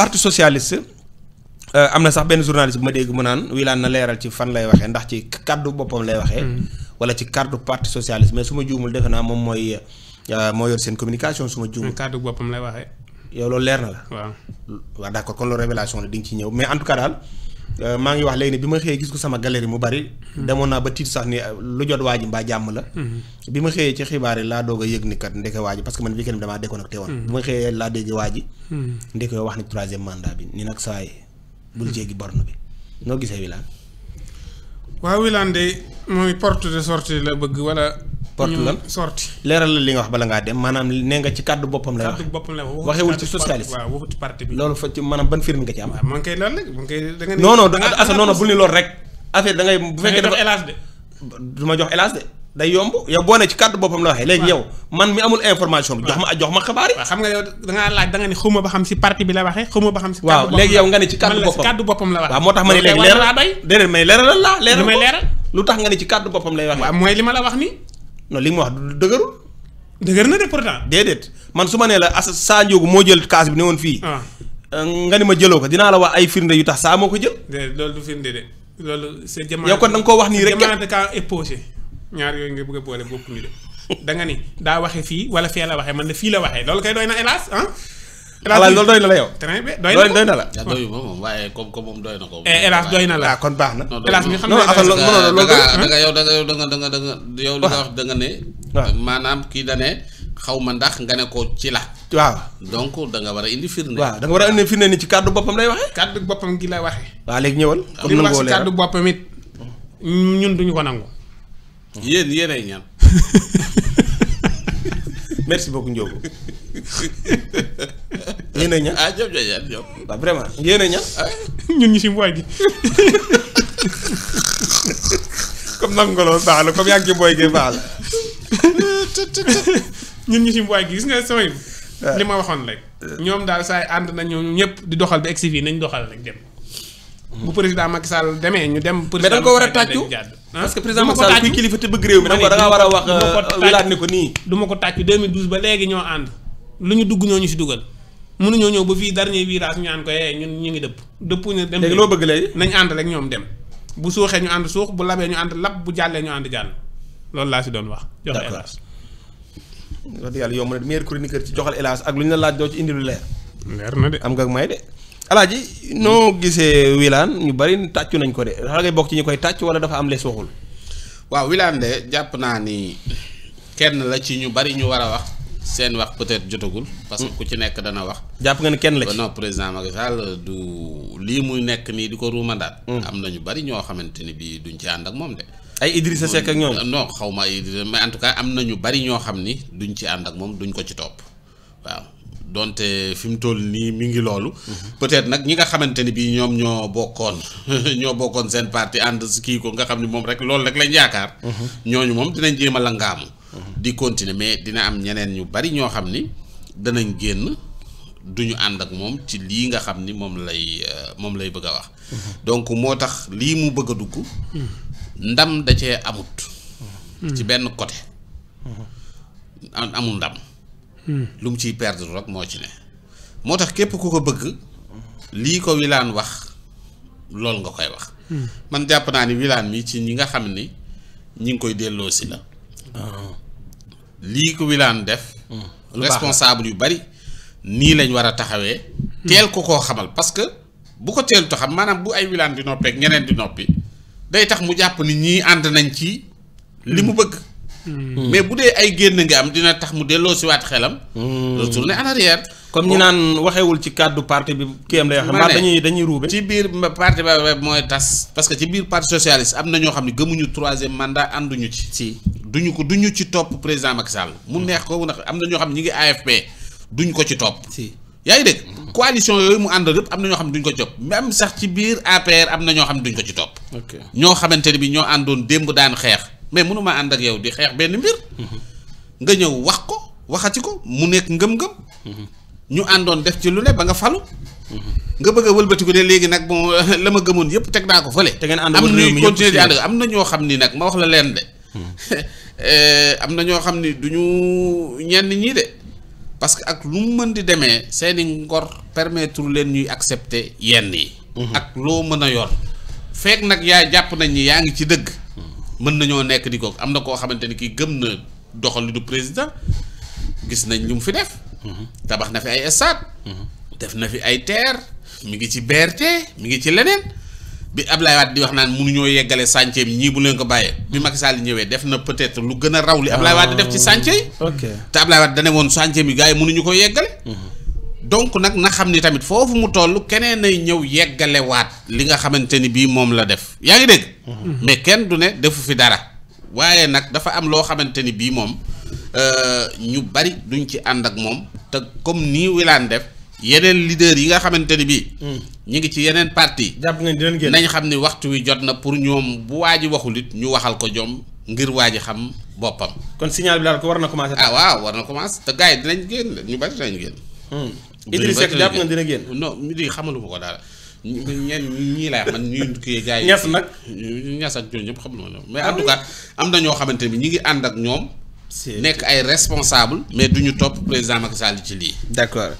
parti socialiste euh, am na sax benn journaliste bu ma dégg mu naan Wilane na leeral ci fan lay waxee ndax ci kaddu boppam lay waxee. Hmm. wala ci kàddu parti socialiste mais su ma juumul defe naa moom mooy euh, moo yor seen communication su ma juumul. Hmm, kàddu boppam lay waxee. yow loolu leer na la. waaw waaw d'accord kon loolu révélation di nga ci ñëw mais en tout daal. Euh, maa ngi wax léegi ne bi ma xëyee gis ko sama galerie mu bari. Hmm. demoon naa ba tiit sax ni euh, lu jot waa mbaa jàmm la. Hmm. bi ma xëyee ci xibaar yi laa doog a yëg ni kat ndeke waa ji parce que man weekend bi damaa déconnecté woon. Hmm. bi ma xëyee laa dégg waa ndeke wax ni troisième mandat bi ni nag saa yi. bul jéggi borne bi noo gisee Wilane. waaw Wilane de mooy porte de sortie la bëgg wala. porte lan sorti leeral la li nga wax bala ngaa dem maanaam nee nga ci kàddu boppam lay wax kàddu boppam lay wax waxewul ci socialiste waaw waxu ci parti bi loolu fa ci maanaam ban firme nga ci am man kay loolu rek man ah, kay ni loolu rek affaire da bu fekkee dafa hélas de du ma jox hélas de day yomb yow boo ne ci kàddu boppam la waxee léegi yow ma jox ma xabaar yi xam nga yow da ngaa laaj da nga ne xawma ba xam si parti bi ci kàddu boppam la wax moo tax ma ne léegi leeral déedéet may leeralal laa leeral lu tax nga ne ci kàddu boppam lay waxee waaw mooy li ma la wax ni non li ma wax du dëgërul. dëgër na de pourtant. déedéet man su ma nee la as saa njóogu moo jël kaas bi ne woon fii. Ah. Euh, nga ni ma jëloo ko dinaa la wax ay firnde yu tax saa moo ko jël. déedéet loolu du firnde de loolu c'est jamono yow kon da nga koo wax nii rek jamono da kaa ñaar yooyu nga bugg a boole bokkuñu de da nga ni daa waxe fii wala fee a waxee man de fii la waxee loolu kay doy na hélas ah alaaj loolu doy na la yow. très bien doy na ko doy na la. na ko. Eh, hélas doy na la ah, kon baax na. da nga yow da nga yow da wax da nga ne. maanaam kii da ne xaw ma ndax nga ne ko ci la. waaw donc da nga war a indi firnde. waaw da nga war a indi ci kàddu boppam lay waxee. kàddu boppam gi lay waxee. waaw léegi ñëwal. comme nangoo leeral li wax si kàddu boppam it ñun duñu ko nangu. yéen yéen ay ñaan. merci beaucoup Ndiobo. yéen a ña ah, a ña ah. ñun ñu si mbooy gi comme nag nga loolu baax la comme yaa ngi ci mbooy gi ñu si mbooy gis nga sama ah. li ma waxoon rek. ñoom daal saa ànd na ñoom ñëpp di doxal ba egsi fii nañ doxal rek dem. bu président Macky Sall demee ñu dem. président mais da nga ko war a tàccu parce que président Macky Sall kuy kilifa te bëgg réew mi da nga war a wax. du ma ko tàccu euh, wilaat ne ko nii. du ma ba léegi ñoo ànd lu ñu dugg ñoo ñu si dugal. mënuñoo ñëw ba fii dernier virage ñu naan ko yee eh, ñun ñu ngi dëpp dëppu ñu dem léegi loo bëgg léegi nañ ànd rek ñoom dem bu suuxee ñu ànd suux bu labee ñu ànd lab bu jàllee ñu ànd jàll loolu laa si doon wax jox hélas wax yàlla yomb na meilleur chroniqueur ci joxal hélas ak lu ñu la laaj doo ci indi lu leer leer de am nga may de alaaji noo gisee Wilane ñu bari tàccu nañ ko de dafa ngay bokk ci ñu koy tàcc wala dafa am les waxul waaw Wilane de jàpp naa ni kenn la ci ñu bari ñu war a wax seen wax peut-être jotagul. parce que ku ci nekk dana wax. jàpp nga ne kenn la ci non président Macky Sall du lii muy nekk nii di ko ruumandaat. Mm. am na ñu bari ñoo xamante ni bii duñ ci ànd ak moom de. ay Idrissa Seck ak ñoom non xaw ma en tout cas am na ñu bari ñoo xam ni duñ ci ànd ak moom duñ ko ci topp waaw. donte fi mu toll nii mi ngi loolu. Mm-hmm. peut-être nag ñi nga xamante ni bii ñoom ñoo bokkoon ñoo bokkoon seen parti ànd si kii ko nga xam ni moom rek loolu rek lañ yaakaar. Mm-hmm. ñooñu moom dinañ jéem a langaamu. di continuer mais dina am ñeneen ñu bari ñoo xam ni danañ génn duñu ànd ak moom ci lii nga xam ni moom lay euh, moom lay bëgg a wax mm-hmm. donc moo tax lii mu bëgg a dugg mm-hmm. ndam da cee amut mm-hmm. ci benn côté amul ndam lu mu ciy perdre rek moo ci ne moo tax képp ku ko bëgg lii ko wilaan wax loolu nga koy wax man jàpp naa ni wilaan mi ci ñi nga xam ni ñi ngi koy delloo si la ah. lii ko wilaan def. Mm. responsable yu bari nii lañ war a taxawee. Mm. teel ko koo xamal parce que bu ko teelut a xam maanaam bu ay wilaan di noppeek ñeneen di noppi day tax mu jàpp ni ñii ànd nañ ci li mu mm. bëgg. mais bu dee ay génn nga am dina tax mu delloo si waat xelam. retourner en arrière. comme ñu naan waxewul ci kàddu parti bi kii am lay wax. dañuy dañuy ruube. ci biir parti ba mooy tas. parce que ci biir parti socialiste am na ñoo xam ne gëmuñu troisième mandat ànduñu ci. si duñu ko duñu ci topp président Macky Sall mu hmm. neex ko ndax am na ñoo xam ñi ngi AFP duñ ko ci topp. si yaa ngi dégg. Hmm. coalition yooyu mu àndal yëpp am na ñoo xam duñ ko ci topp sax ci biir APR am na ñoo xam duñ ko ci topp. ñoo xamante ne bi ñoo àndoon démb daan xeex mais mënu ma ànd ak yow di xeex benn mbir. Hmm. nga ñëw wax ko waxati ko mu nekk ngëm-ngëm. ñu àndoon def ci lu ne ba nga falu. nga bëgg a wëlbati ko ne nag bon la ma gëmoon yëpp teg naa ko fële. te ngeen ànd am na am na ñoo xam ni nag ma wax la leen de am na ñoo xam ni du ñu ñenn ñii de parce que ak lu mu mën di demee seeni ngor permettre leen ñuy accepter yenn yi. Mhm. ak loo mën a yor. fekk nag yaa jàpp nañ ni yaa ngi ci dëgg. Mhm. mën nañoo nekk di ko am na koo xamante ni kii gëm na doxali du président gis nañ lu mu fi def. Mhm. tabax na fi ay stade. def na fi ay terre mu ngi ci BRT mu ngi ci leneen. bi Ablaye Wade di wax naan mënuñoo yeggale chantier bi ñii bu leen ko bàyyee bi Macky Sall ñëwee def na peut-être lu gën a raw li Ablaye Wade def ci chantier yi. ok te Ablaye Wade dane woon chantier bi gars yi mënuñu ko yeggale. donc nag na xam ni tamit foofu mu toll keneen ay ñëw yeggalewaat li nga xamante ni bii moom la def yaa ngi dégg. mais kenn du ne defu fi dara. waaye nag dafa am loo xamante ni bii moom euh, ñu bari duñ ci ànd ak moom te comme nii wilaan def. yeneen leader yi nga xamante ni bii. Hmm. ñu ngi ci yeneen parti jàpp nga dinañ génn nañ xam ni waxtu wi jot na pour ñoom bu waa ji waxul it ñu waxal ko jom ngir waa ji xam boppam. kon signal bi daal ko war na commencé. ah waaw war na commencé te gars yi dinañ génn ñu bari dinañ génn. Hmm. Idrissa Seck jàpp nga dina génn. non midi xamaluma ko daal. ñeen ñii laa man ñuy kii nag ñas ak ñoom ñëpp xamuluma ñoom. mais en tout cas am na ñoo xamante bi ñi ngi ànd ak ñoom. nekk ay responsable mais du ñu topp président Macky Sall ci lii. d'accord.